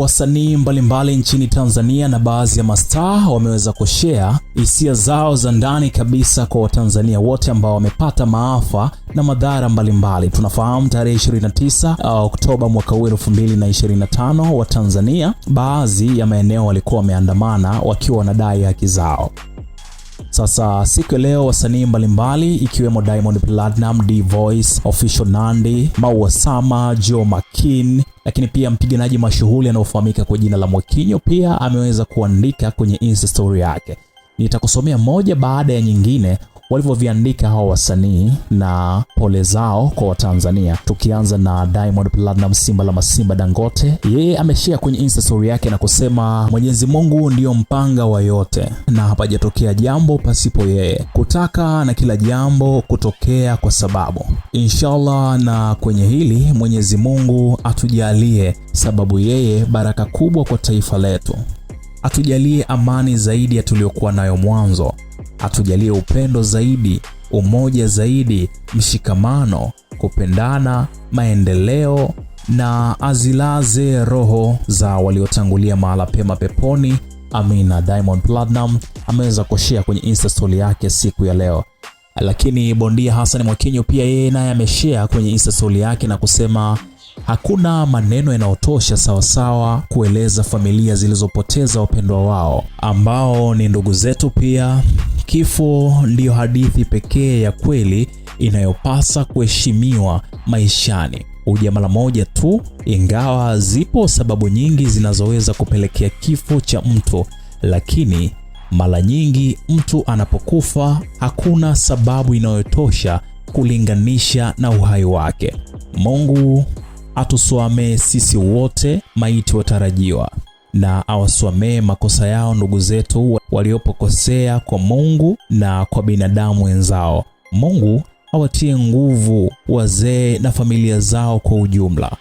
Wasanii mbalimbali nchini Tanzania na baadhi ya mastaa wameweza kushare hisia zao za ndani kabisa kwa Watanzania wote ambao wamepata maafa na madhara mbalimbali. Tunafahamu tarehe 29 uh, Oktoba mwaka huu 2025, Watanzania baadhi ya maeneo walikuwa wameandamana wakiwa wanadai haki zao. Sasa siku ya leo wasanii mbalimbali ikiwemo Diamond Platinum, D Voice, Official nandi Maua Sama, Joe Makin lakini pia mpiganaji mashuhuri anayofahamika kwa jina la Mwakinyo pia ameweza kuandika kwenye Insta story yake. Nitakusomea moja baada ya nyingine walivyoviandika hawa wasanii na pole zao kwa Watanzania. Tukianza na Diamond Platinum, simba la masimba Dangote, yeye ameshea kwenye Insta story yake na kusema Mwenyezi Mungu ndiyo mpanga wa yote na hapajatokea jambo pasipo yeye kutaka na kila jambo kutokea kwa sababu. Inshallah, na kwenye hili Mwenyezi Mungu atujalie, sababu yeye baraka kubwa kwa taifa letu, atujalie amani zaidi ya tuliyokuwa nayo mwanzo atujalie upendo zaidi, umoja zaidi, mshikamano, kupendana, maendeleo na azilaze roho za waliotangulia mahala pema peponi. Amina. Diamond Platinum ameweza kushare kwenye Insta story yake siku ya leo, lakini bondia Hassan Mwakinyo pia yeye naye ameshare kwenye Insta story yake na kusema hakuna maneno yanayotosha sawasawa kueleza familia zilizopoteza wapendwa wao ambao ni ndugu zetu pia Kifo ndiyo hadithi pekee ya kweli inayopasa kuheshimiwa maishani. Huja mara moja tu, ingawa zipo sababu nyingi zinazoweza kupelekea kifo cha mtu, lakini mara nyingi mtu anapokufa hakuna sababu inayotosha kulinganisha na uhai wake. Mungu atusuame sisi wote maiti watarajiwa na awasomee makosa yao ndugu zetu waliopokosea kwa Mungu na kwa binadamu wenzao. Mungu awatie nguvu wazee na familia zao kwa ujumla.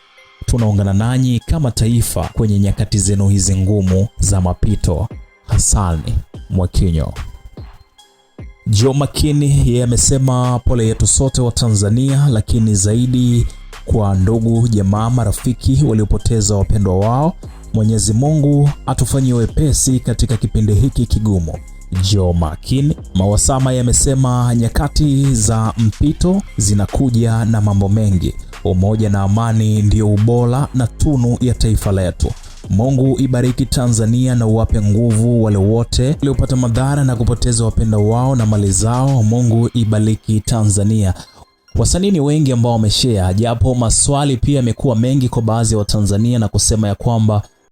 Tunaungana nanyi kama taifa kwenye nyakati zenu hizi ngumu za mapito. Hassan Mwakinyo. Joe Makini yeye amesema pole yetu sote wa Tanzania, lakini zaidi kwa ndugu, jamaa, marafiki waliopoteza wapendwa wao Mwenyezi Mungu atufanyie wepesi katika kipindi hiki kigumu. Joe Makin Mawasama yamesema nyakati za mpito zinakuja na mambo mengi. Umoja na amani ndio ubora na tunu ya taifa letu. Mungu ibariki Tanzania na uwape nguvu wale wote waliopata madhara na kupoteza wapenda wao na mali zao. Mungu ibariki Tanzania. Wasanii ni wengi ambao wameshare, japo maswali pia yamekuwa mengi kwa baadhi ya Watanzania na kusema ya kwamba